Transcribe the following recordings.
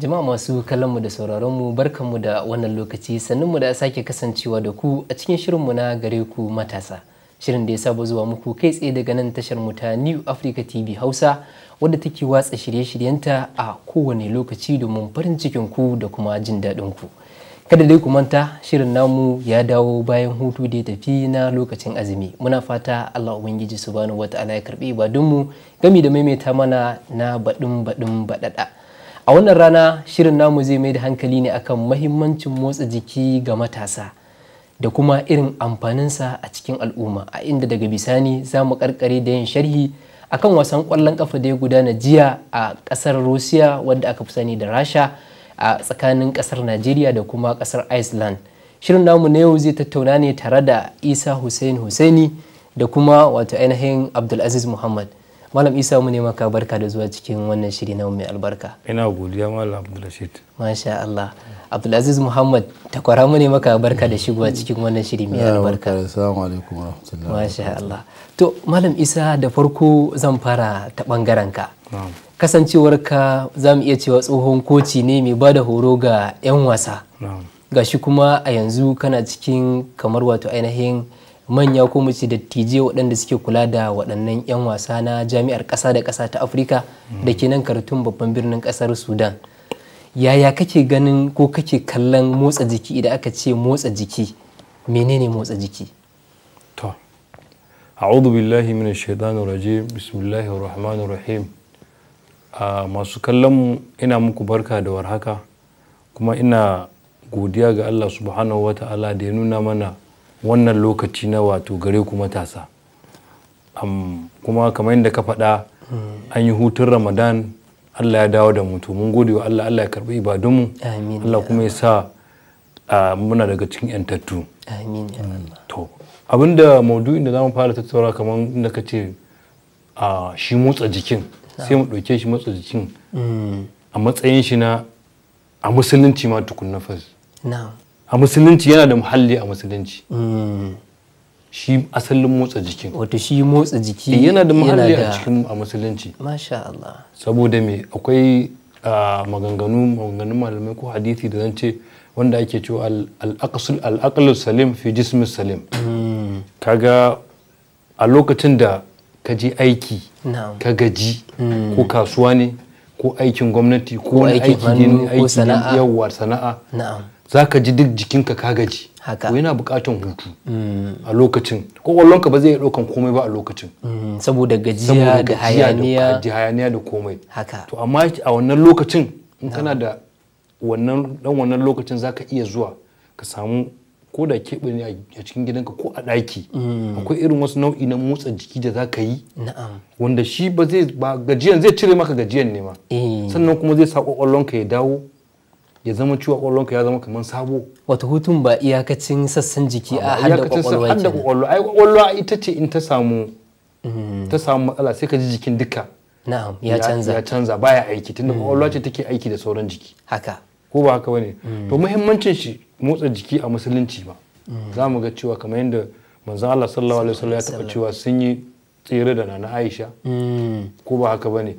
Jama'a masu kallonmu da sauraronmu barkanmu da wannan lokaci sannunmu da sake kasancewa da ku a cikin shirinmu na gare ku matasa. Shirin da ya saba zuwa muku kai tsaye daga nan tashar mu ta New Africa TV Hausa wadda take watsa shirye-shiryenta a kowane lokaci domin farin cikin ku da kuma jin daɗin ku. Kada dai ku manta shirin namu ya dawo bayan hutu da ya tafi na lokacin azumi. Muna fata Allah Ubangiji Subhanahu wata'ala ya karbi mu gami da maimaita mana na baɗin baɗin baɗaɗa. a wannan rana shirin namu zai mai da hankali ne akan mahimmancin motsa jiki ga matasa da kuma irin amfaninsa a cikin al'umma a inda daga bisani za mu karkare da yin sharhi akan wasan kwallon kafa da ya gudana jiya a kasar russia wadda aka fi sani da rasha a tsakanin kasar najeriya da kuma kasar iceland shirin namu na yau zai tattauna ne tare da isa hussein husaini da kuma wato ainihin abdulaziz muhammad malam isa mu ne maka barka da zuwa cikin wannan shiri na mai albarka ina godiya malam abdulrashid masha Allah abdulaziz muhammad takwara mu ne maka barka da shigowa mm. cikin wannan shiri mai albarka assalamu alaikum warahmatullahi masha Allah to malam isa da farko zan fara ta bangaren ka kasancewarka za mu iya cewa tsohon koci ne mai ba da horo ga 'yan wasa gashi kuma a yanzu kana cikin kamar wato ainihin manya ko mu ce dattijai waɗanda suke kula da waɗannan 'yan wasa na jami'ar ƙasa da ƙasa ta afirka da ke nan karatun babban birnin ƙasar sudan yaya kake ganin ko kake kallon motsa jiki idan aka ce motsa jiki menene motsa jiki to a'udhu billahi minash shaitanir rajim bismillahir rahmanir rahim a masu kallon mu ina muku barka da warhaka kuma ina godiya ga Allah subhanahu wata'ala da ya nuna mana wannan lokaci na wato gare ku matasa kuma kamar yadda ka faɗa an yi hutun ramadan allah ya dawo da mutu mun gode wa allah allah ya karɓi ibadunmu allah kuma ya sa muna daga cikin yantattu mm, to abinda maudu'in da za mu fara tattaura kamar inda ka ce shi motsa jikin sai mu ɗauke shi motsa jikin mm. a matsayin shi na a musulunci ma tukun nafas a musulunci yana da muhalli a musulunci shi asalin motsa jikin wato shi motsa jiki eh, yana da muhalli a cikin a musulunci masha Allah saboda me akwai ah, maganganu maganganun malamai ko hadisi da zan ce wanda ake cewa al salim fi jismi salim hmm. kaga a lokacin da ka je aiki ka gaji hmm. ko kasuwa ne ko aikin gwamnati ko aikin aiki ne aiki yawa sana'a za ka ji duk jikinka ka gaji haka yana bukatan hutu mm, a lokacin kwakwallonka ba zai ɗaukan komai ba a lokacin mm, saboda gajiya da hayaniya da komai haka to amma a wannan lokacin in kana da wannan dan wannan lokacin za ka iya zuwa ka samu ko da keɓe ne a cikin gidanka ko a ɗaki mm. akwai irin wasu nau'i na motsa jiki da za ka yi wanda shi ba zai ba gajiyan zai cire maka gajiyan ne ma eh. sannan kuma zai sa kwakwallonka ya dawo ya zama cewa ka ya zama kamar sabo wata hutun ba iyakacin sassan jiki a hadda ƙwaƙwalwa ke hadda ƙwaƙwalwa ai ƙwaƙwalwa ita ce in ta samu mm. ta samu matsala sai ka ji jikin duka na'am ya canza ya canza baya aiki tunda mm. ƙwaƙwalwa ce take aiki da sauran jiki haka ko ba haka bane mm. to muhimmancin shi motsa jiki a musulunci ba za mu ga cewa kamar yadda manzo Allah sallallahu alaihi wasallam ya taɓa cewa sun yi tsere da nana aisha mm. ko ba haka bane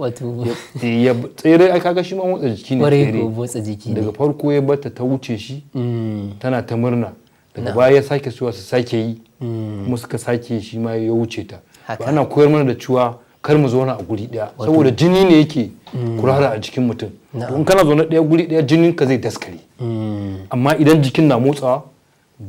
tsere ai kaga shi ma motsa jiki ne tsere daga farko ya bata ta wuce shi mm. tana ta murna daga baya ya sake suwa su sake yi mm. kuma suka sake shi ma ya wuce ta ana koyar mana da cewa kar mu zauna a guri daya saboda jini ne yake kurara a jikin mutum in kana zaune daya guri daya jinin ka zai daskare amma idan jikin na motsawa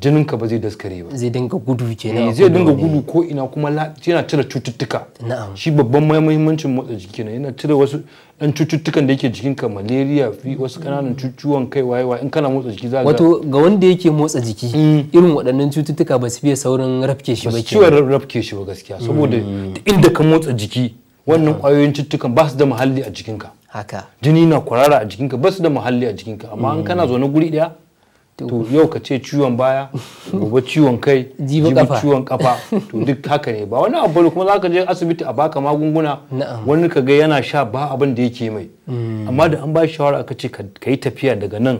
jinin ka ba zai daskare ba zai dinga gudu kenan eh, zai dinga gudu ko ina kuma yana cire cututtuka na'am shi babban muhimmancin motsa jiki ne yana cire wasu dan cututtukan da yake jikin ka malaria fi wasu kananan cuciwon kai waye waye in kana motsa jiki za wato ga wanda yake motsa jiki mm. irin waɗannan cututtuka ba su fiye saurin rafke shi ba ke ciwon rafke shi ba gaskiya saboda mm. inda ka motsa jiki wannan kwayoyin cututtukan ba su da muhalli a jikinka haka jini na kwarara a jikinka ba su da muhalli a jikinka amma an mm. kana zaune guri daya to yau ka ce ciwon baya gobe ciwon kai jibi ciwon kafa to duk haka ne ba wani abu kuma za ka je asibiti a baka magunguna wani ka ga yana sha ba abin da yake mai hmm. amma da an ba shawara aka ce ka yi tafiya daga nan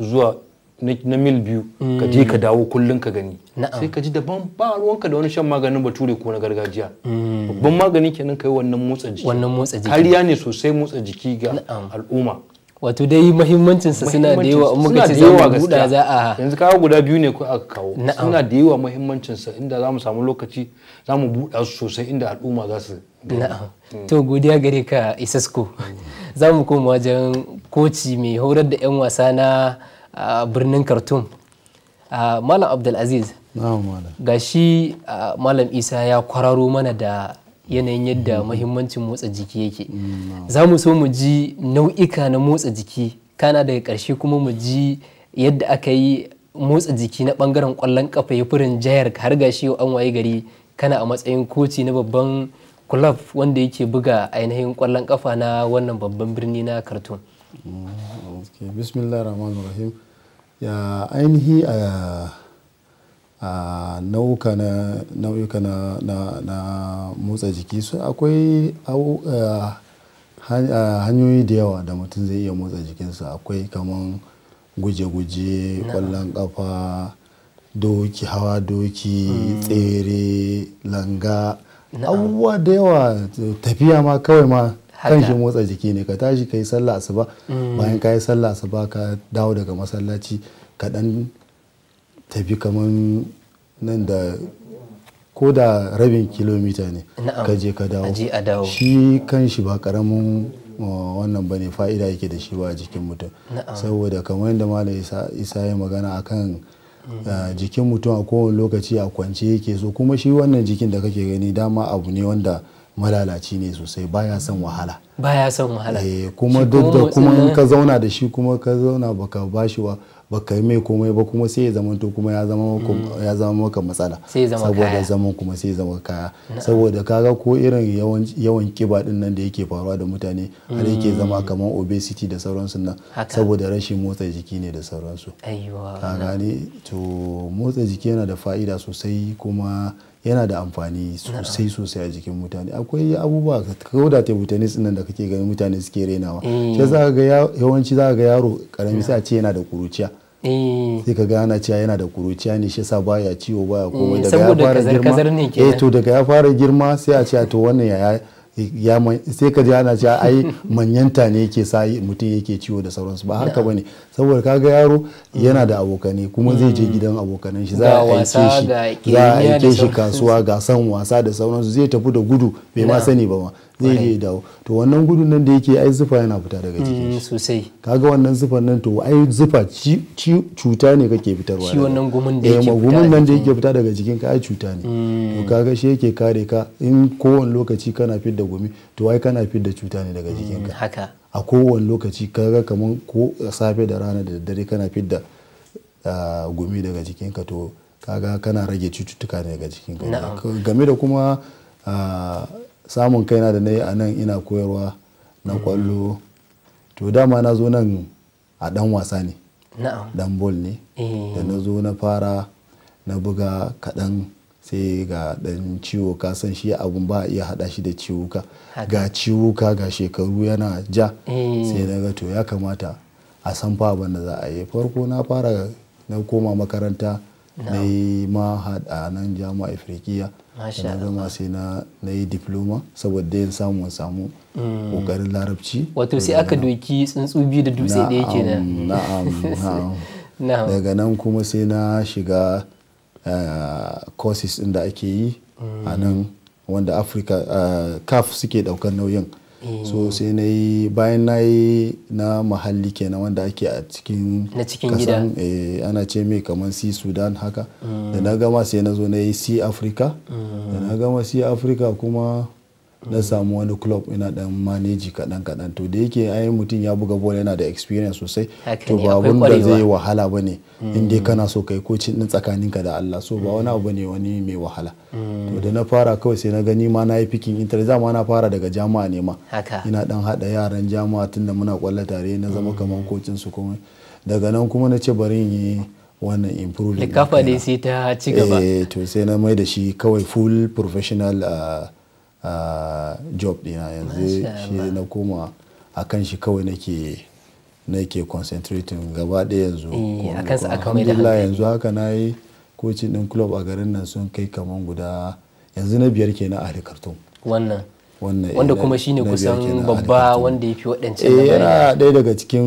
zuwa na mil biyu ka je ka hmm. dawo kullum ka gani sai ka ji daban ba ruwanka da wani shan maganin bature ko na gargajiya hmm. babban magani kenan ka yi motsa wannan motsa jiki kariya ne sosai motsa jiki ga al'umma wato dai muhimmancinsa suna da yawa in muka ce za mu buɗa za a yanzu kawo guda biyu ne aka kawo suna da yawa muhimmancinsa inda za mu samu lokaci za mu buɗa su sosai inda al'umma za su na'am to godiya gare ka isasko mm. za mu koma wajen koci mai horar da 'yan wasa na birnin khartoum malam abdulaziz ga shi malam isa ya kwararo mana da yanayin yadda mahimmancin mm. motsa jiki yake mm, za mu so mu ji nau'ika na motsa jiki kana daga ƙarshe kuma mu ji yadda aka yi motsa jiki na ɓangaren ƙwallon kafa ya furin jayar har gashi an waye gari kana a matsayin koci na babban kulaf wanda yake buga ainihin ƙwallon kafa na wannan babban birni na karton mm, bismillah rahman rahim ya ainihi a nau'uka na nau'uka na, motsa jiki su akwai hanyoyi da yawa da mutum zai iya motsa jikinsa akwai kaman guje-guje kwallon kafa doki hawa doki mm. tsere langa abubuwa da yawa tafiya ma kawai ma kan shi motsa jiki ne ka tashi ka yi sallah asuba mm. bayan ka yi sallah asuba ka dawo daga masallaci ka dan tafi kamar nan da ko da rabin kilomita ne ka je ka dawo shi kan shi ba karamin uh, wannan ba ne fa'ida yake da shi ba a jikin mutum saboda kamar yadda malam isa ya magana akan mm. uh, jikin mutum a kowane lokaci a kwance yake so kuma shi wannan jikin da kake gani dama abu ne wanda malalaci ne sosai baya son wahala baya son wahala eh, kuma duk da kuma mm. ka zauna da shi kuma ka zauna baka bashi ba. baka yi mai komai ba kuma sai ya zama to kuma ya zama maka mm. matsala saboda zaman kuma sai zama kaya saboda kaga ko irin yawan kiba din nan da yake faruwa da mutane har mm. yake zama kamar obesity da sauransu nan saboda rashin motsa jiki ne da sauransu ka gane to motsa jiki yana da fa'ida sosai kuma yana da amfani sosai sosai a jikin mutane akwai abubuwa ko da table tennis nan da kake ganin mutane suke rainawa mm. shi za ga yawanci za ga yaro karami sai a ce yana da kuruciya mm. sai ka gana cewa yana da kuruciya ne shi sa baya ciwo baya komai mm. daga ya fara girma eh to daga ya fara girma sai a ce to wannan yaya sai ka ji ana cewa ai manyanta ne yake sa mutum yake ciwo da sauransu ba haka bane saboda kaga yaro yana da abokane kuma zai je gidan abokanan shi za a aike shi za a aike shi kasuwa ga san wasa da sauransu zai tafi da gudu bai ma sani ba ma zai je dawo to wannan gudun nan da yake ai zufa yana fita daga mm, jikin sosai kaga wannan zufan nan to ai zufa cuta ne kake fitarwa shi wannan gumin da yake eh, gumin nan da yake fita daga jikin ka ai cuta ne mm. to kaga shi yake kare ka in kowane lokaci kana fidda gumi to ai kana fidda cuta ne daga jikin ka mm, haka a kowane lokaci kaga kaman ko safe da rana da daddare kana fidda ah, gumi daga jikin ka to kaga kana rage cututtuka ne daga jikin ka game da kuma ah, samun kaina da na yi a nan ina koyarwa na mm. kwallo to dama na zo nan a dan wasa ne dan bol ne eh. da na zo na fara na buga kaɗan sai ga dan ciwo ka san shi abun ba iya hada shi da ciwuka ga ciwuka ga shekaru yana ja eh. sai na ga to ya kamata a san fa abin da za a yi farko na fara na koma makaranta na yi mahad a nan jami'a afirkiya na zama sai na yi diploma saboda yin samun samu kokarin mm. larabci wato sai aka doki tsuntsu biyu da dutse da ke nan na'am na'am daga nan kuma sai na shiga eh, courses inda da ake yi mm. a nan wanda afirka eh, caf suke daukar nauyin so sai na yi bayan na yi na mahalli kenan wanda ake a cikin kasan eh, ana ce mai kamar si sudan haka mm. da na gama sai na zo na yi si africa mm. da na gama si africa kuma na samu wani club ina dan maneji kadan kadan to da yake ai mutum ya buga bola yana da experience sosai to ba abun da zai wahala bane in dai mm. kana so kai ko cin tsakaninka da Allah so ba wani abu ne wani mai wahala mm. to da na fara kawai sai na gani ma na yi fikin za ma na fara daga jama'a ne ma ina dan hada yaran jama'a tunda muna kwalla tare na zama mm. kaman kocin su kuma daga nan kuma na ce bari yi wannan improving kafa dai sai ta ci gaba eh to sai na mai da shi kawai full professional uh, job dina yanzu shi na koma a kan shi kawai nake nake concentrating gaba ɗaya yanzu eh, alhamdulillah yanzu haka na yi kocin ɗin club a garin nan sun kai kaman guda yanzu na biyar kenan a rikarton wannan eh, wanda kuma shine kusan babba wanda ya fi waɗancan na eh, yana ɗaya daga cikin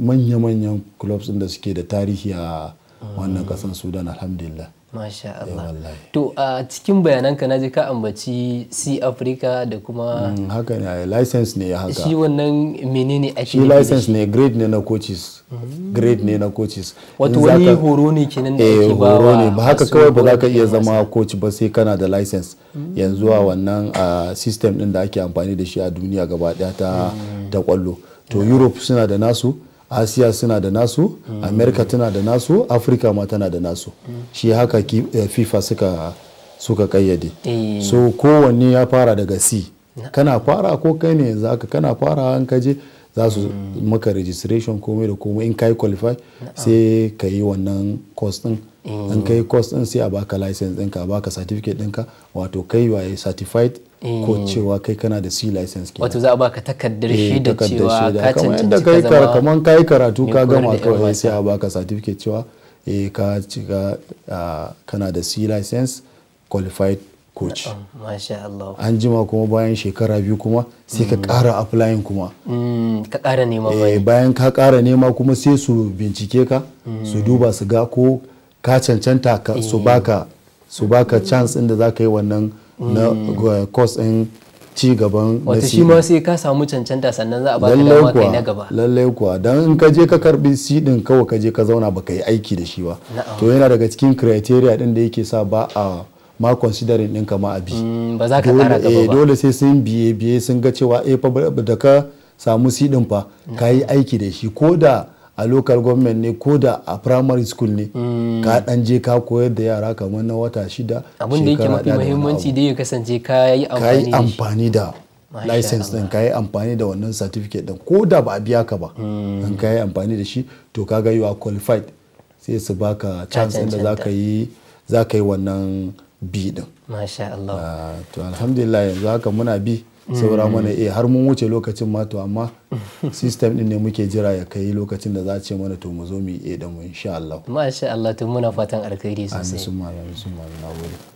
manya-manyan clubs da suke da tarihi a mm. wannan ƙasan sudan alhamdulillah Masha Allah. To a cikin bayananka na je ka ambaci Sea Africa da kuma mm, haka ne license ne haka. Shi wannan menene ake Shi license ne grade ne na coaches. Mm. Grade ne na coaches. Wato wani horo ne kenan da eh, ake ba. horo ne ba haka kawai ba za ka iya zama coach ba sai kana da license. Mm. Yanzu a wannan system din da ake amfani da shi a duniya gaba daya ta ta kwallo. To Europe suna da nasu. asiya suna da nasu america tana da nasu afirka ma tana da nasu shi haka eh, fifa suka suka kayyade eh. so kowanne ya fara daga c kana fara ko kai ne yanzu haka kana fara an kaje za su hmm. maka registration komai da komai in ka yi qualify sai ka yi wannan course din in ka eh. yi course din sai a baka license ɗinka a baka certificate ɗinka wato kai waye certified ko mm. cewa kai kana da C license ke wato za a baka takardar eh, shaida cewa ka cancanci ka zama kamar kai karatu ka gama kawai sai a baka certificate cewa eh ka cika ah, kana da C license qualified coach oh, an jima kuma bayan shekara biyu kuma sai ka kara mm. applying kuma mm, ka kara nema eh, bayan ka kara nema kuma sai su bincike ka su duba su ga ko ka cancanta su eh. baka su baka chance inda za ka yi wannan na mm. eh, course ɗin ci gaban wata shi ma sai ka samu cancanta sannan za a ka dama kai na gaba lallai kuwa dan in ka je ka karbi si din kawai ka je ka zauna baka yi aiki da shi ba to yana daga cikin criteria din da yake sa ba a ma considering din ka a bi mm, ba za ka kara gaba eh, ba dole sai sun biye biye sun ga cewa eh fa da ka samu si din fa mm. ka yi aiki da shi ko da a local government ne ko da a primary school ne mm. ka dan je ka koyar da yara kamar na wata shida abin da yake mafi muhimmanci dai ya kasance ka yi amfani da license din ka yi amfani da wannan certificate din ko da ba a biya ka ba mm. in ka yi amfani da shi to ka ga you are qualified sai su baka chance da za ka yi za yi wannan bi din masha Allah ah, to alhamdulillah yanzu haka muna bi saura mm. mana eh har mun wuce lokacin ma to amma system din ne muke jira ya kai lokacin da za a ce mana to mu zo mu yi da mu insha Allah masha Allah to muna fatan alkhairi sosai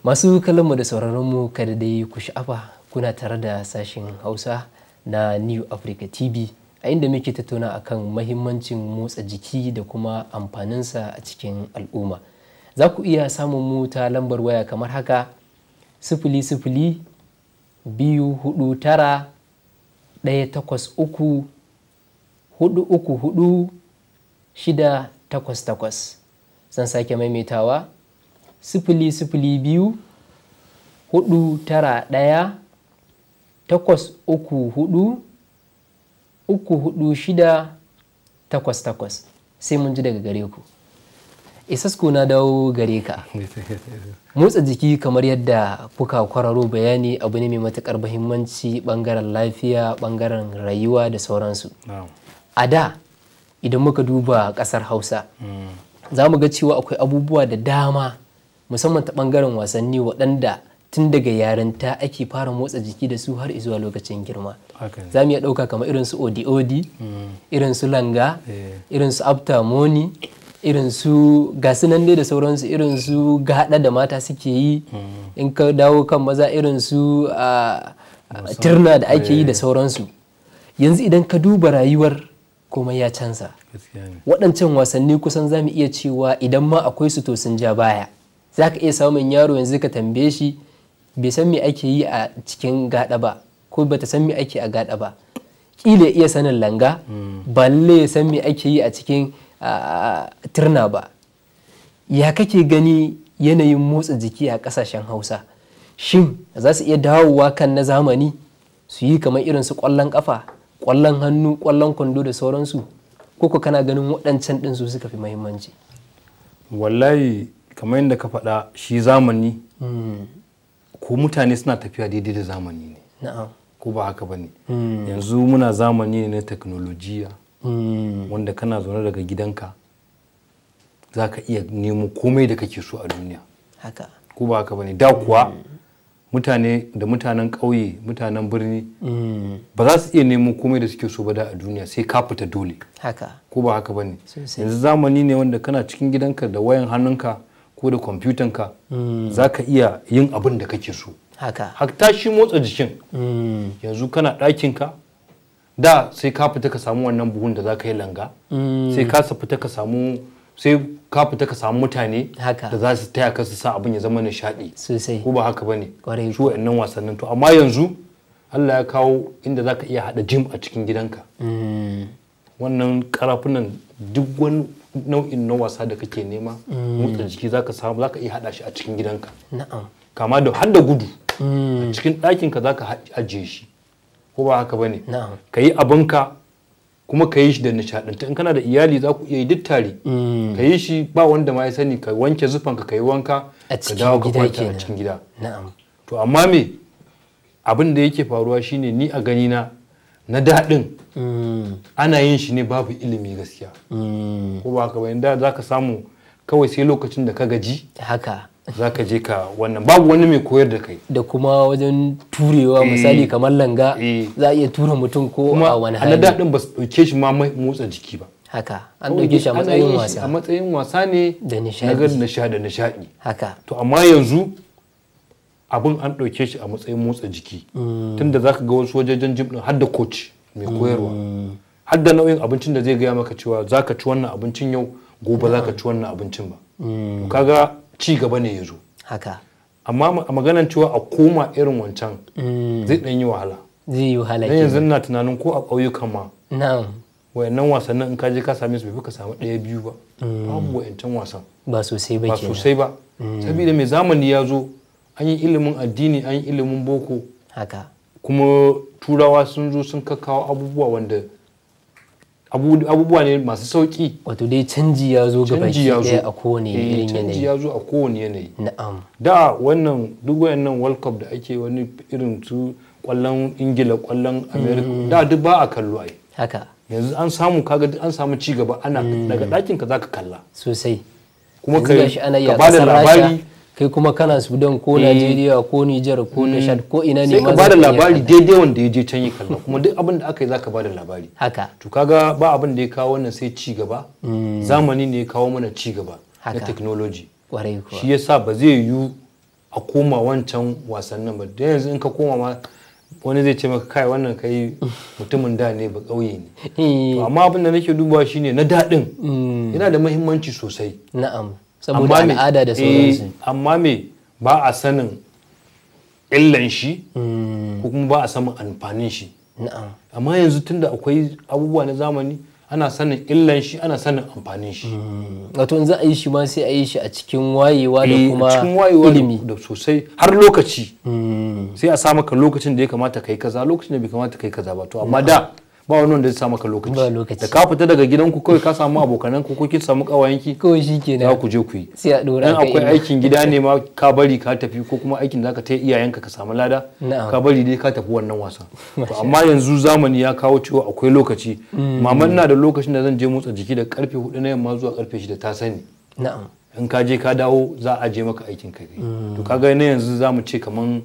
masu kallon mu da sauraron mu kada dai ku sha'afa kuna tare da sashen Hausa na New Africa TV a inda muke tattauna akan mahimmancin motsa jiki da kuma amfanin sa a cikin al'umma za ku iya samun mu ta lambar waya kamar haka sifili sifili biyu hudu tara ɗaya takwas uku hudu uku hudu shida takwas takwas zan sake maimaitawa sifili sifili biyu hudu tara ɗaya takwas uku hudu uku hudu shida takwas takwas sai mun ji daga gare ku isasko na dawo gare ka motsa jiki kamar yadda kuka kwararo bayani abu ne mai matukar muhimmanci ɓangaren lafiya bangaren rayuwa da sauransu a da idan muka duba ƙasar hausa mm. za mu ga cewa akwai abubuwa da dama musamman ta bangaren wasanni waɗanda tun daga yarinta ake fara motsa jiki da su har zuwa lokacin girma za mu iya ɗauka kamar irin su odi odi mm. irin su langa eh. irin su abtamoni irin su gasu da sauransu irin su gaɗa da mata suke yi hmm. in ka dawo kan maza irin su turna da ake yi da sauransu eh. yanzu idan ka duba rayuwar komai ya canza waɗancan wasanni kusan za mu iya cewa idan ma akwai su to sun ja baya za ka iya samun yaro yanzu ka tambaye shi bai san me ake yi a cikin gaɗa ba ko bata san me ake a gaɗa ba ƙila iya sanin langa hmm. balle ya san me ake yi a cikin turna ba ya kake gani yanayin motsa jiki a kasashen hausa shin za su iya dawowa kan na zamani su yi kamar irin su kwallon kafa kwallon hannu kwallon kwando da sauransu koko kana ganin waɗancan ɗin su suka fi mahimmanci wallahi kamar yadda ka faɗa shi zamani hmm. ko mutane suna tafiya daidai da zamani ne ko ba haka ba ne hmm. yanzu muna zamani ne na teknolojiya Mm. wanda kana zaune daga gidanka za ka iya nemo komai da kake so a duniya ko ba haka bane da kuwa mutane da mutanen ƙauye mutanen birni mm. ba za su iya nemo komai da suke so ba da a duniya sai ka fita dole haka ko ba haka bane yanzu zamani ne wanda kana cikin gidanka da wayan hannunka ko da kwamfutanka mm. za ka iya yin abin da kake so haka tashi shi motsa jikin yanzu kana ɗakinka da sai ka fita ka samu wannan buhun da za ka yi langa mm. sai ka fita ka samu sai ka fita ka samu mutane da za su taya ka su sa abin ya zama nishaɗi ko ba haka bane su wa'annan wasannin to amma yanzu Allah ya kawo inda za ka iya haɗa jim a cikin gidanka mm. wannan karafunan duk wani nau'in na wasa da kake nema mm. motsa jiki za ka samu za ka iya haɗa shi a cikin gidanka kama da har da gudu a cikin ɗakinka za ka ajiye shi ko ba haka bane ka yi abinka kuma ka yi shi da nishaɗanta in kana da iyali za ku iya yi duk tare mm. ka yi shi ba wanda ma ya sani ka wanke zufan ka yi wanka ka dawo ka kwanta a cikin gida to amma me abin da yake faruwa shine ni a gani na na daɗin mm. ana yin shi ne babu ilimi gaskiya mm. ko ba haka bane da za ka samu kawai sai lokacin da ka gaji haka za ka je ka wannan babu wani mai koyar da kai da kuma wajen turewa eh. misali kamar langa eh. za a iya tura mutum ko a wani hali kuma daɗin ba su ɗauke shi ma motsa jiki ba haka an ɗauke shi a matsayin wasa a matsayin wasa ne da nishaɗi da nishaɗi haka to amma yanzu abin an ɗauke shi a matsayin motsa jiki mm. tunda za ka ga wasu wajajen jim ɗin har da coach mai koyarwa mm. har da nau'in abincin da zai gaya maka cewa za ka ci wannan abincin yau gobe za ka ci wannan abincin ba mm. kaga ci gaba ne ya zo haka amma a maganan cewa a koma irin wancan mm. zai ɗan yi wahala zai yi wahala ke yanzu na tunanin ko a ƙauyukan ma na'am wayannan wasannin in ka je ka same su bai fi ka samu ɗaya biyu ba mm. babu wayancan wasan ba sosai ba ba sosai ba mm. saboda mai zamani ya zo an yi ilimin addini an yi ilimin boko haka kuma turawa sun zo sun kakkawo abubuwa wanda abubuwa ne masu sauki wato dai canji ya zo ga baki daya a kowane eh, irin yanayi canji ya zo a kowane yanayi na'am da wannan duk wayannan world cup da ake wani irin su kwallon ingila kwallon america mm. da duk ba a kallo ai haka yanzu an samu kaga an samu ci gaba ana mm. daga dakin ka zaka kalla sosai kuma ka ba da labari kai kuma kana sudan ko eh. najeriya ko nijar ko hmm. nishad ko ina ne ka bada labari daidai wanda ya je can yi kalla kuma duk abin da aka yi za zaka bada labari haka to kaga ba abin da ya kawo wannan sai ci gaba hmm. zamani ne ya kawo mana ci gaba na technology shi yasa ba zai yiwu a koma wancan wasannin ba da yanzu in ka koma ma wani zai ce maka kai wannan kai mutumin da ne ba ƙauye ne eh. amma abin da nake dubawa shine na daɗin hmm. yana da muhimmanci sosai na'am saboda al'ada da eh, sauransu amma me ba a sanin illan shi hmm. ko kuma ba a sanin amfanin shi amma yanzu tunda akwai abubuwa na zamani ana sanin illan shi ana sanin amfanin shi hmm. wato in za a yi shi ma sai a yi shi a cikin wayewa da eh, kuma ilimi da sosai har lokaci hmm. sai a sa maka lokacin da ya kamata kai kaza lokacin da bai kamata kai kaza ba to amma da ba wani wanda zai sa maka lokaci da ka fita daga gidanku kawai ka samu abokanan ku kin samu kawayenki kawai shikenan za ku je ku yi sai a dora ka akwai aikin gida ne ma ka bari ka tafi ko kuma aikin zaka ta iyayenka ka samu lada ka bari dai ka tafi wannan wasan amma yanzu zamani ya kawo cewa akwai lokaci hmm. mama ina da lokacin da zan je motsa jiki da karfe 4 na yamma zuwa karfe 6 ta sani na'am in ka je ka dawo za a je maka aikin kai hmm. to kaga na yanzu za mu ce kaman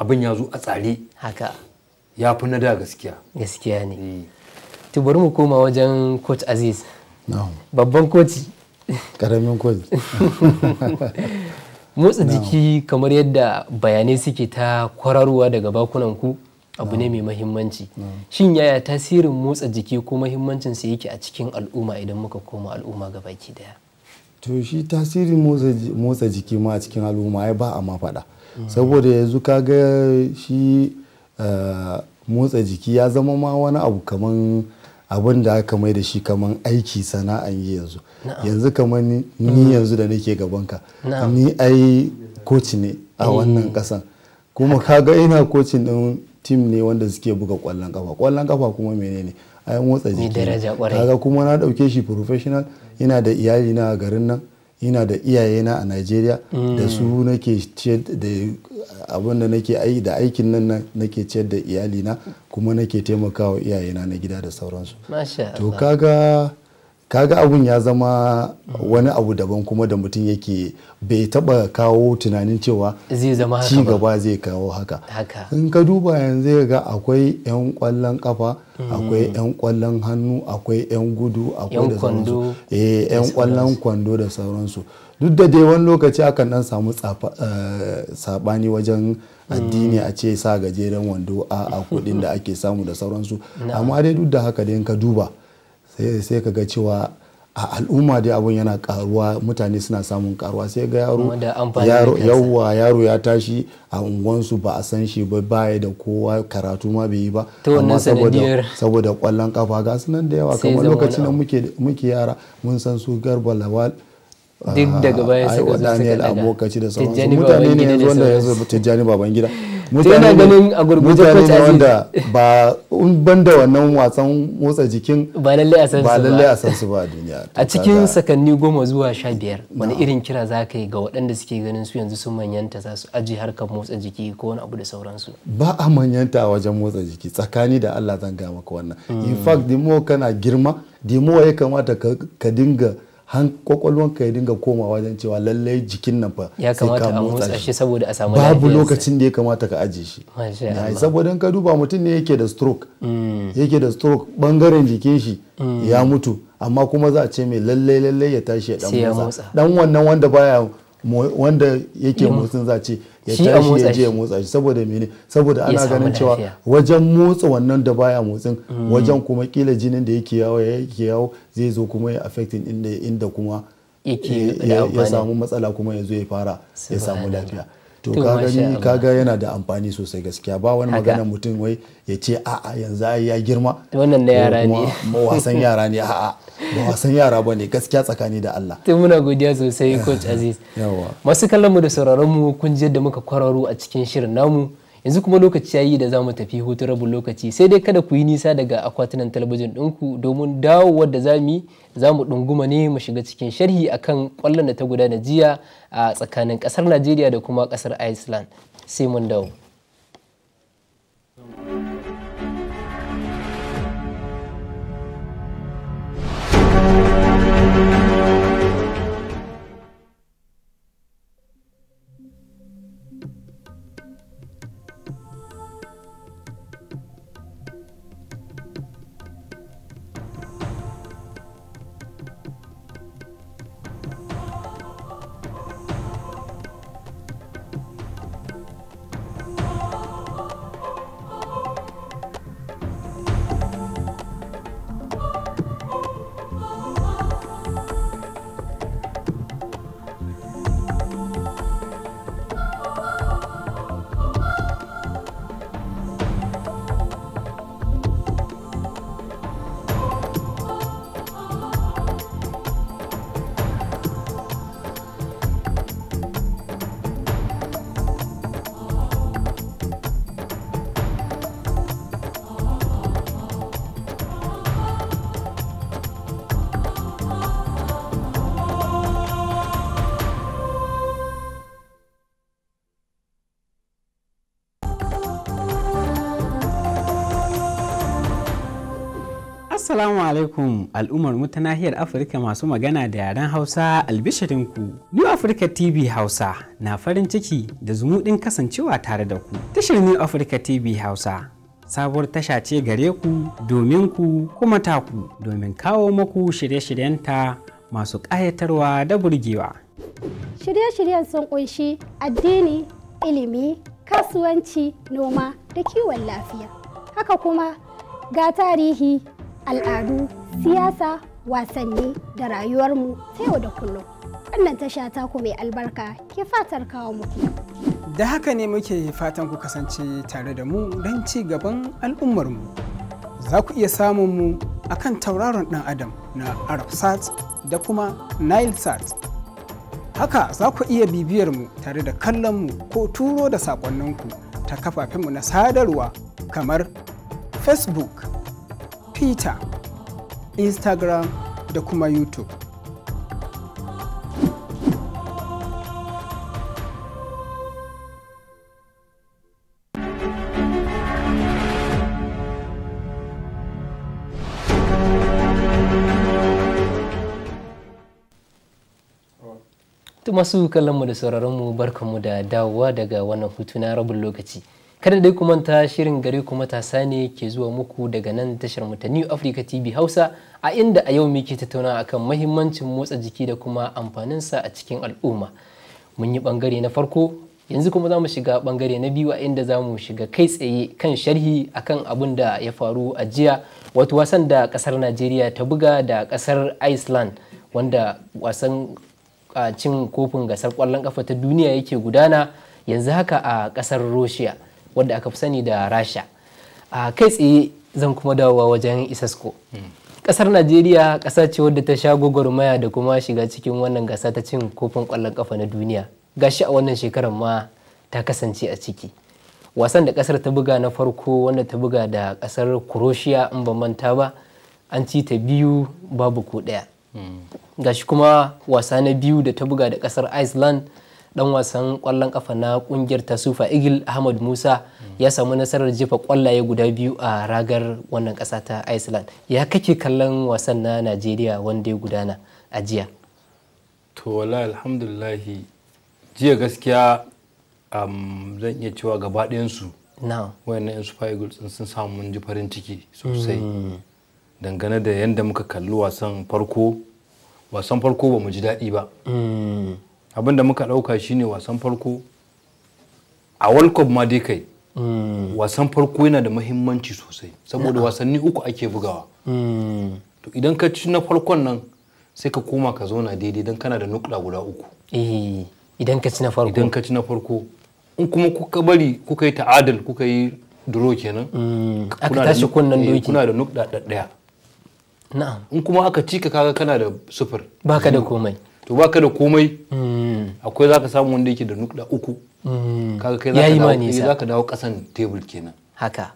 abin ya zo a tsare haka ya fi na da gaskiya gaskiya ne eh. to bari mu koma wajen coach aziz babban koci karamin coach motsa jiki kamar yadda bayanai suke ta kwararwa daga bakunan ku abu ne mai mahimmanci shin yaya tasirin motsa jiki ko mahimmancin su yake a cikin al'umma idan muka koma al'umma gabaki daya to shi tasirin motsa jiki ma a cikin al'umma ya ba a ma faɗa mm. saboda yanzu ka ga shi motsa jiki ya zama ma wani abu kaman abin da aka mai da shi kaman aiki sana'an yi yanzu yanzu kamar ni mm. yanzu da nake gabanka ni ai koci ne a mm. wannan kasan kuma kaga ina kocin din tim ne wanda suke buga kwallon kafa kwallon kafa kuma menene ai motsa jiki kaga kuma na dauke shi professional ina da iyali na a garin nan ina da iyayena a Najeriya da su mm. nake ciyar da abin da nake da aikin nan nake ciyar da iyalina kuma nake taimakawa iyayena na gida da sauransu to kaga kaga abun ya zama wani abu daban kuma da mutum yake bai taba kawo tunanin cewa ci gaba zai kawo haka in ka duba yanzu ga akwai 'yan kwallon kafa mm. akwai 'yan kwallon hannu akwai 'yan gudu akwai da sauransu 'yan eh, kwallon kwando da sauransu duk da dai wani lokaci akan dan samu sabani eh, wajen mm. addini a ce sa gajeren wando a kudin da ake samu da sauransu amma dai duk da haka dai in ka duba sai ka ga cewa a al'umma dai abun yana karuwa mutane suna samun karuwa sai ga yaro yawwa yaro ya tashi a unguwansu ba a san shi ba baya da kowa karatu ma bai yi ba amma saboda saboda kwallon kafa ga nan da yawa kamar lokacin da muke yara mun san su garba lawal duk daga baya ah, suka zo Daniel Amokaci da sauransu mutane ne yanzu wanda yanzu Tijjani baban gida mutane ne mutane gurguje wanda ba un banda wannan wasan motsa jikin ba lalle a san ba lalle a san su ba a duniya a cikin sakanni goma zuwa sha biyar wani irin kira za ka yi ga waɗanda suke ganin su yanzu sun manyanta za su aji harkar motsa jiki ko wani abu da sauransu ba a manyanta a wajen motsa jiki tsakani da Allah zan ga maka wannan in hmm. fact dimo kana girma dimo ya kamata ka dinga han kwakwalwanka ya dinga komawa wajen cewa lallai jikin nan fa ya kamata a motsa shi saboda a samu babu lokacin da ya kamata ka aje shi saboda ka duba mutum ne yake da stroke mm. yake da stroke bangaren jikin shi mm. ya mutu amma kuma za a ce mai lallai lallai ya tashi ya dan motsa dan wannan wanda baya wanda yake motsin zaci ya tashi ya je ya motsa shi saboda mene saboda ana ganin cewa wajen motsa wannan da baya motsin mm. wajen kuma kila jinin da yake yawo yake yawo zai zo kuma ya affecting inda inda kuma ya samu matsala kuma ya zo ya fara ya samu lafiya to kaga yana da amfani sosai gaskiya ba wani magana mutum wai ya ce a'a yanzu ai ya girma wannan yara ne wasan yara ne a'a ba wasan yara bane gaskiya tsakani da Allah to muna godiya sosai coach Aziz masu kallon mu da sauraron mu kun je da muka kwararo a cikin shirin namu yanzu kuma lokaci ya yi da za mu tafi hutu rabin lokaci sai dai kada ku yi nisa daga akwatunan talabijin ɗinku domin dawo wadda za mu yi za mu ɗunguma ne mu shiga cikin sharhi akan ƙwallon da ta gudana jiya a tsakanin ƙasar najeriya da kuma ƙasar iceland sai mun dawo Assalamu alaikum al'ummar mu ta nahiyar Afirka masu magana da yaren Hausa ku. New Africa TV Hausa na farin ciki da zumuɗin kasancewa tare da ku. Tashar New Africa TV Hausa sabuwar tasha ce gare ku domin ku kuma ku domin kawo maku shirye-shiryenta masu ƙayatarwa da burgewa. Shirye-shiryen sun ƙunshi addini, ilimi, kasuwanci, noma da kiwon lafiya. Haka kuma ga tarihi al'adu siyasa wasanni da rayuwarmu ta yau da kullum wannan tasha ku mai albarka ke fatar kawo muku da haka ne muke fatan ku kasance tare da mu don ci gaban al'ummarmu za ku iya samun mu akan tauraron dan adam na arabsat da kuma sat haka za ku iya bibiyar mu tare da kallon mu ko turo da saƙonninku ta kafafen mu na sadarwa kamar facebook twitter instagram da kuma youtube masu kallonmu da sauraronmu barkanmu da dawowa daga wannan hutu na rabin lokaci kada dai ku manta shirin gare ku matasa ne ke zuwa muku daga nan tashar mu ta New Africa TV Hausa a inda a yau muke tattauna akan mahimmancin motsa jiki da kuma amfaninsa a cikin al'umma mun yi bangare na farko yanzu kuma za mu shiga bangare na biyu a inda za mu shiga kai tsaye kan sharhi akan abun da ya faru a jiya wato wasan da kasar Najeriya ta buga da kasar Iceland wanda wasan cin kofin gasar kwallon kafa ta duniya yake gudana yanzu haka a kasar Russia wanda aka fi sani da rasha a kai tsaye zan kuma dawowa wajen isasko kasar najeriya kasa ce wadda ta sha gwagwarmaya da kuma shiga cikin wannan gasa ta cin kofin kwallon kafa na duniya gashi a wannan shekarar ma ta kasance a ciki wasan da kasar ta buga na farko wanda ta buga da kasar kuroshiya in ba manta ba an ci ta biyu babu ko daya hmm. gashi kuma wasa na biyu da ta buga da kasar iceland dan wasan kwallon kafa na kungiyar ta igil ahmad musa ya samu nasarar jefa kwallaye guda biyu a ragar wannan kasa ta iceland ya kake kallon wasan na najeriya wanda ya gudana a jiya to wallahi alhamdulillah jiya gaskiya zan iya cewa gaba ɗayansu wayannan yan sufa eagles sun samu mun ji farin ciki sosai hmm. dangane da yadda muka kalli wasan farko wasan farko ba mu ji daɗi ba hmm. abin da muka ɗauka shine wasan farko a world cup ma dai kai hmm. wasan farko yana da muhimmanci sosai saboda wasanni uku ake bugawa hmm. to idan ka ci na farkon nan sai ka koma ka zauna daidai don kana da nukla guda uku eh, idan ka ci na farko idan ka ci na farko in kuma kuka bari kuka yi ta'adal kuka yi duro kenan hmm. aka tashi kunnan eh, doki kuna da nukla ɗaya na'am in kuma aka ci ka kaga kana da sufur baka da komai to baka da komai hmm. akwai zaka samu wanda yake da nukda uku hmm. kaga kai zaka dawo kasan tebur kenan haka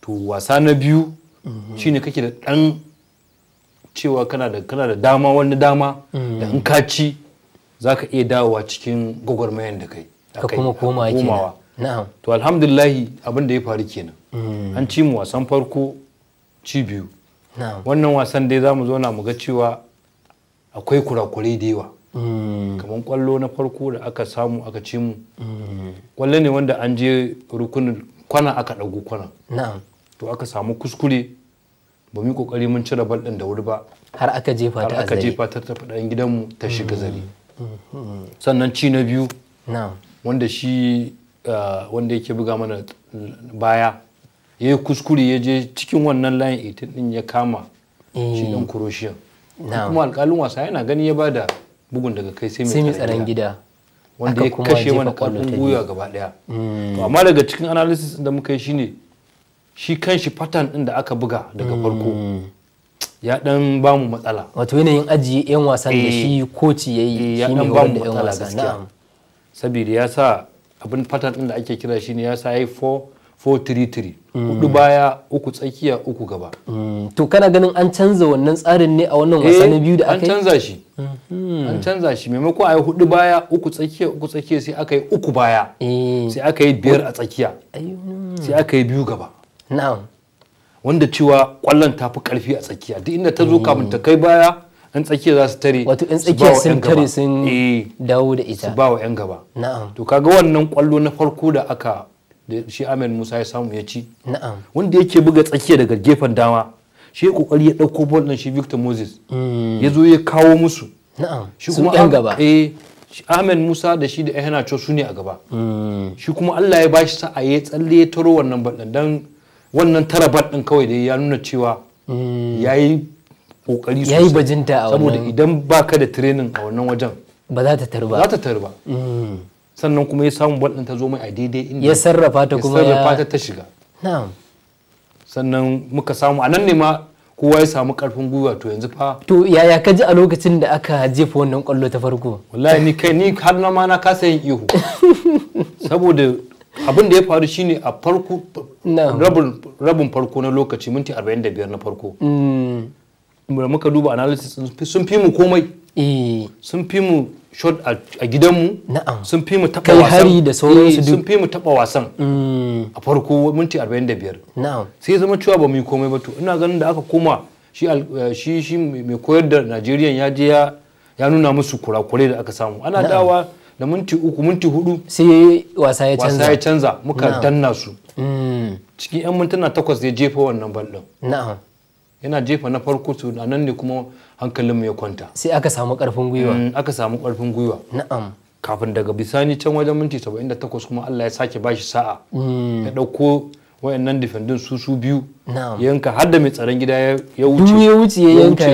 to wasa na biyu hmm. shine kake da dan cewa kana da kana da dama wani dama da in ka ci zaka iya dawowa cikin gwagwarmayan da kai ka kuma koma kenan na'am to alhamdulillahi abin da ya faru kenan an ci mu wasan farko ci biyu wannan wasan dai zamu zo na mu ga cewa akwai kurakurai da yawa Mm. kamar kwallo na farko da aka samu aka ci mu mm. kwallo ne wanda an je rukunin kwana aka ɗago kwana to aka samu kuskure ba mu kokari mun cire bal da wuri ba har aka jefa ta aka jefa ta ta fadan mu ta shiga mm. zari mm-hmm. sannan ci na biyu wanda shi uh, wanda yake buga mana baya ya yi kuskure ya je cikin wannan layin 18 din ya kama shi dan kuroshiyan eh. kuma alkalin wasa yana gani ya bada bugun daga kai sai mai tsaron gida wanda ya kashe mana karfin gwiwa gaba daya mm. to amma daga cikin analysis da muka yi shine shi kanshi pattern din da aka buga daga mm. farko ya dan ba mu matsala wato yanayin ajiye yan wasan da shi eh, koci yayi ya dan eh, ba mu matsala gaskiya saboda ya sa abin pattern din da ake kira shine ya sa yayi 4 433 hudu baya uku tsakiya uku gaba mm. to kana ganin an canza wannan tsarin ne a wannan wasanni eh, biyu da aka yi an canza shi an mhm. canza shi maimako a yi hudu baya uku tsakiya uku tsakiya sai aka yi uku baya eh. sai aka yi biyar a tsakiya sai aka yi biyu gaba na'am wanda cewa kwallon ta fi karfi a tsakiya duk inda ta zo eh. kafin ta kai baya an tsakiya za su tare wato in tsakiya sun tare sun eh. dawo da ita su ba wa yan gaba na'am to kaga wannan kwallo na farko da aka da shi amin Musa ya samu ya ci na'am wanda yake buga tsakiya daga gefen dama shi kokari ya dauko ball din shi Victor Moses mm. ya zo ya kawo musu shi kuma an gaba eh Ahmed Musa da shi da Cho su ne a gaba mm. shi kuma Allah ya bashi sa'a ya tsalle ya taro wannan ball din dan wannan tara ball din kawai da ya nuna cewa mm. yayi kokari sosai yayi bajinta a wannan saboda idan baka da training a wannan wajen ba za ta tarba za ta tarba sannan kuma ya samu ball din ta zo mai a daidai inda ya sarrafa ta kuma ya sarrafa ta ta shiga na'am sannan muka samu a nan ne ma kowa ya samu karfin gwiwa to yanzu fa to yaya ka ji a lokacin da aka jefa wannan kwallo ta farko wallahi ni kai ni har na ma na kasa yin ihu saboda abin da ya faru shine a farko rabin farko na lokaci minti 45 na farko mm. muka duba analysis sun fi mu komai Eh. sun fi mu shot a gidanmu sun fi mu taba wasan da sauransu eh, sun fi mu taɓa wasan mm. a farko minti 45 sai zama cewa ba mu yi komai ba to ina ganin da aka koma shi eh, shi mai koyar da Najeriya ya je ya nuna musu kurakurai da aka samu ana dawa da minti uku minti hudu sai wasa ya canza muka danna su mm. cikin yan mintuna takwas ya jefa wannan ballon na'am yana jefa na farko to nan ne kuma hankalinmu ya kwanta sai aka samu karfin gwiwa mm, aka samu karfin gwiwa na'am kafin daga bisani can wajen minti 78 kuma Allah ya sake bashi sa'a mm. ya dauko wayannan defendin su su biyu yanka har da mai tsaron gida ya wuce ya wuce ya yanka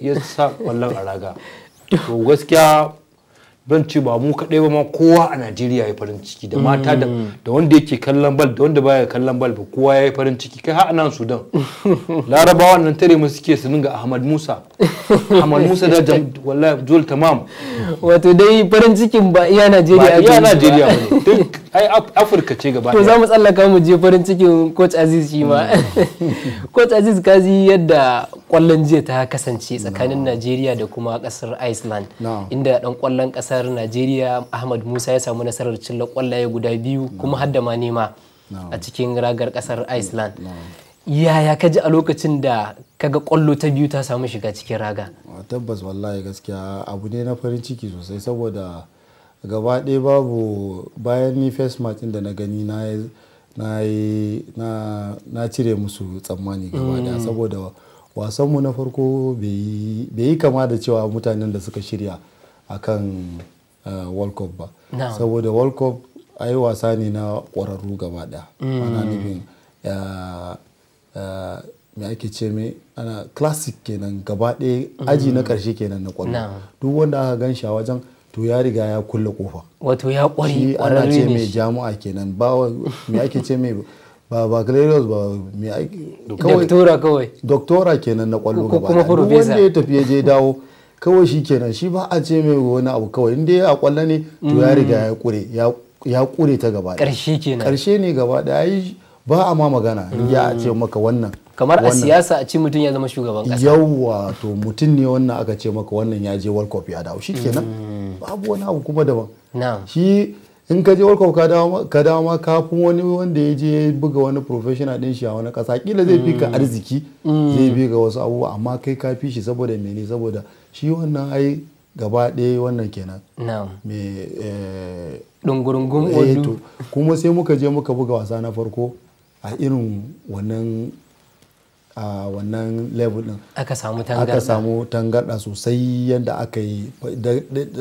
ya sa kwallon a raga to gaskiya don ce ba mu kaɗai ba ma kowa a najeriya ya farin ciki da mata mm. da wanda yake kallon bal da wanda baya kallon bal ba kowa ya yi farin ciki kai har anan sudan larabawa nan tare mu suke su ga ahmad musa ahmad musa da jam wallahi jol tamam wato dai farin cikin ba iya najeriya ba iya najeriya ba duk ai afirka ce gaba to za mu tsallaka mu je farin cikin coach aziz shi ma mm. coach aziz kazi yadda kwallon jiya ta kasance tsakanin Najeriya da kuma kasar Iceland inda dan kwallon kasar Najeriya Ahmad Musa ya samu nasarar cilla kwallaye guda biyu kuma hadda ma nema a cikin ragar kasar Iceland yaya ka ji a lokacin da kaga kwallo ta biyu ta samu shiga cikin raga tabbas wallahi gaskiya abu ne na farin ciki sosai saboda gaba ɗaya babu bayan ni first match da na gani na na cire musu tsammani gaba ɗaya mm. saboda wasanmu na farko bai yi kama da cewa mutanen da suka shirya akan eh, world cup ba saboda world cup ai wasa ne na ƙwararru gaba mm. ana nufin me ake ce mai ana classic kenan gaba ɗaya mm. aji na ƙarshe kenan na ƙwararru duk wanda aka gan shi a wajen to ya riga ya kulle kofa wato ya ƙwari ne ana ce mai jami'a kenan ba me ake ce mai ba baccalaureus ba mai aiki doktora kawai doktora kenan na kwallo ba kuma professor wanda ya tafi ya je dawo kawai shi kenan shi ba a ce mai wani abu kawai inda ya kwalla ne to ya mm. riga ya kure ya kure ta gaba karshe kenan karshe ne gaba daya yi ba a ma magana ya a mm. ce maka wannan kamar a siyasa a ce mutum ya zama shugaban kasa yawwa to mutum ne wannan aka ce maka wannan ya je world cup ya dawo shi kenan mm. babu wani abu kuma daban shi in ka je warkau ka dawo ma kafin wani wanda ya je buga wani professional din shi a wani kasa kila zai fi ka mm. arziki mm. zai fi ga wasu abubuwa amma kai ka fi shi saboda mene saboda shi wannan ai gaba ɗaya wannan kenan me ɗungurungun eh, eh, kuma sai muka je muka buga wasa na farko a irin wannan a wannan level din aka samu tangarda sosai yadda aka yi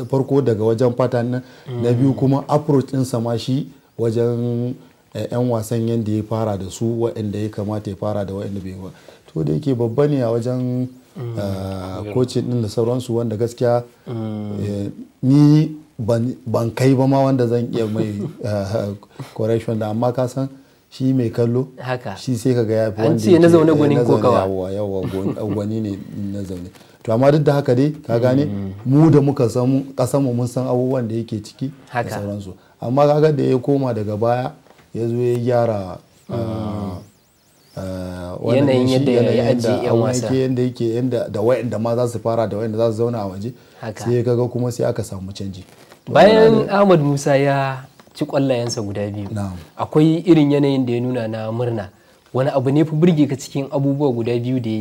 farko daga wajen fata na biyu kuma approach din sama shi wajen 'yan eh, wasan yadda ya fara da su waɗanda ya kamata ya fara da waɗanda bai ba to da yake babba ne a wajen kocin mm. ah, din da sauransu wanda gaskiya mm. eh, ni ban kai ba ma wanda zan iya mai ah, correction da amma ka san shi mai kallo haka shi sai ka ga yafi wanda ce na zaune gwanin kokawa yawa yawa gwani ne na zaune to amma duk da haka dai ka gane mu da muka san kasan mu mun san abubuwan da yake ciki da sauransu amma kaga da ya koma daga baya ya zo ya gyara ah, ah, yanayin yadda ya ajiye yan wasa yadda yake yadda da wayanda ma za su fara da wayanda za su zauna a waje sai kaga kuma sai aka samu canji bayan Ahmad Musa ya ci kwallayensa guda biyu akwai irin yanayin da ya nuna na murna wani abu ne fi burge ka cikin abubuwa guda biyu da ya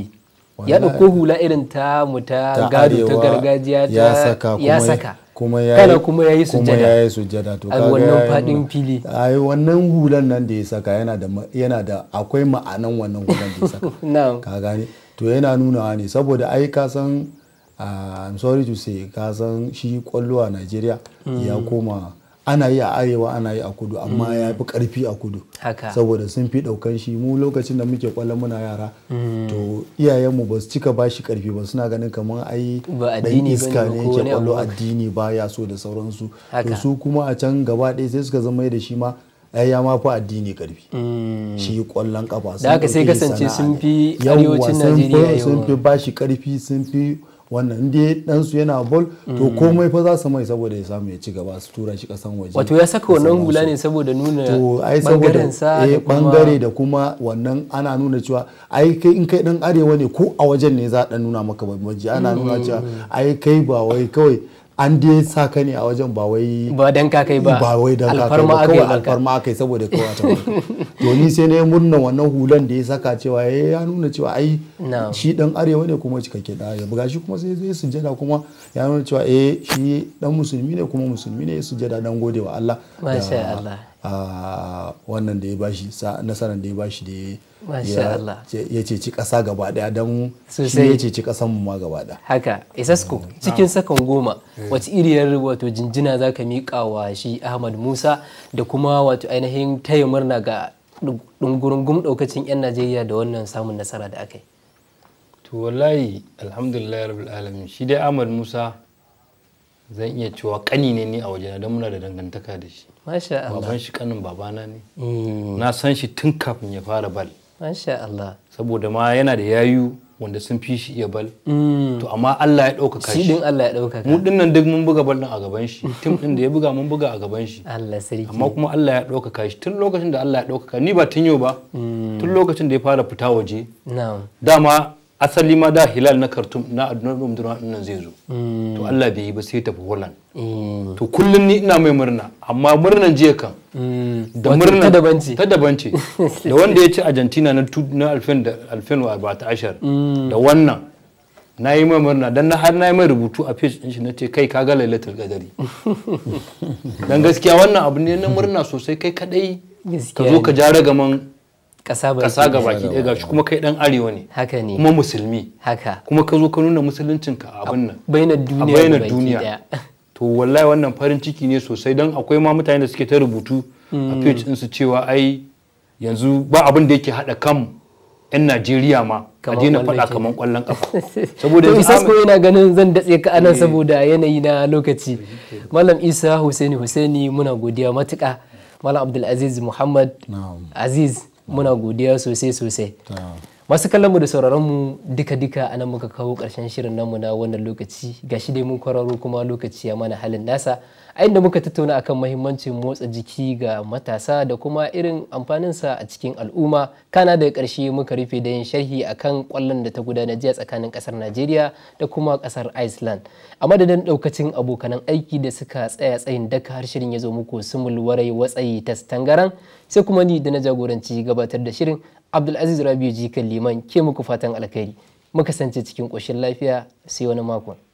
yi ya ɗauko hula irin ta mu ta gado ta gargajiya ta ya saka kuma ya kana kuma ya yi sujada ya yi sujada to kaga wannan fadin fili ai wannan hulan nan da ya saka yana da yana da akwai ma'anan wannan hulan da ya saka ka gane to yana nuna ne saboda ai ka san ah, I'm sorry to say ka san shi kwallo a Najeriya ya mm. koma ana yi a arewa ana yi a kudu amma mm. ya fi karfi a kudu saboda sun fi daukan shi mu lokacin da muke kwallon muna yara mm. to iyayenmu ba su cika ba shi karfi ba suna ganin kamar ai dan iska ne ke kwallo addini ba ya so da sauransu to su kuma a can gaba ɗaya sai suka zama da shi ma ya ma fi addini karfi mm. shi kwallon kafa da kasance sun fi arewacin najeriya sun fi ba shi karfi sun fi wannan inda ɗansu yana bol to mm. komai fa za su mai saboda ya samu ya ci gaba su tura shi kasan waje wato ya saka wannan hula ne saboda nuna ai saboda eh bangare da kuma wannan ana nuna cewa ai kai in kai dan arewa ne ko a wajen ne za a dan nuna maka bambanci ana nuna mm. cewa ai kai ba wai kawai an dai sa ka ne a wajen ba wai ba dan ka kai ba ba wai dan ka kai ba kawai alfarma aka yi saboda kawai ta to ni sai na murna wannan hulan da ya saka cewa eh, ya nuna cewa ai shi dan arewa ne kuma cikakke da ya buga shi kuma sai zai sujjada kuma ya nuna cewa eh shi dan musulmi ne kuma musulmi ne ya sujjada dan gode wa Allah masha Allah ah, wannan da ya bashi nasarar da ya bashi da ya ceci ƙasa gaba ɗaya don shi ya ceci ƙasan mu ma gaba ɗaya haka isasko cikin sakan goma eh. wata iriyar wato jinjina za ka miƙa wa shi ahmad musa da kuma wato ainihin taya murna ga gum ɗaukacin 'yan najeriya da wannan samun nasara da aka yi to wallahi alhamdulillah rabbil alamin shi dai ahmad musa zan iya cewa kani ne ni a wajena don muna da dangantaka da shi. Masha Allah. Baban shi kanin babana ne. Mm. Na san shi tun kafin ya fara bal. Masha Allah. Saboda ma yana da yayu wanda sun fi shi iya bal. Mm. To amma Allah ya ɗaukaka shi. Shi Allah ya ɗaukaka. Mu dinnan duk mun buga bal a gaban shi. Tim din da ya buga mun buga a gaban shi. Allah sarki. Amma kuma Allah ya ɗaukaka shi tun lokacin da Allah ya ɗaukaka ni ba tun yau ba. Mm. Tun lokacin da ya fara fita waje. Na'am. Dama asali ma da hilal na kartum na adnan umdura nan zai zo to mm. Allah bai yi ba sai tafi Holland mm. to kullum ni ina mai murna amma murnan jiya kan mm. da murna ta dabance ta da wanda ya ci Argentina na na alfen da wannan na yi mai murna dan na har na yi mai rubutu a page din shi na ce kai ka ga lailatul qadari dan gaskiya wannan abu ne na murna sosai kai kadai ka zo ka ja ragaman ƙasa ga baki ɗaya gashi kuma kai ɗan arewa ne haka ne kuma musulmi haka kuma ka zo ka nuna musuluncin ka abin nan bainar duniya bainar duniya to wallahi wannan farin ciki ne sosai don akwai ma mutane da suke ta rubutu a mm. page din su cewa ai yanzu ba abin da yake haɗa kan 'yan Najeriya ma a daina faɗa kamar ƙwallon ƙafa. Saboda Isa ko yana ganin zan datse ka anan eh. saboda yanayi na lokaci. Eh, Malam Isa Husaini Husaini muna godiya matuƙa. Malam Abdulaziz Muhammad Aziz muna godiya sosai sosai masu kallon mu da sauraron mu duka duka nan muka kawo karshen shirin namu na wannan lokaci gashi dai mun kwararo kuma lokaci ya mana halin nasa a inda muka tattauna akan mahimmancin motsa jiki ga matasa da kuma irin amfaninsa a cikin al'umma kana daga karshe muka rufe da yin sharhi kan kwallon da ta gudana jiya tsakanin kasar Najeriya da kuma kasar Iceland a madadin daukacin abokanan aiki da suka tsaya tsayin daka har shirin ya zo muku sumul warai watsayi ta tangaran sai kuma ni da na jagoranci gabatar da shirin abdulaziz rabiu jikan liman ke muku fatan alkhairi muka sance cikin ƙoshin lafiya sai wani makon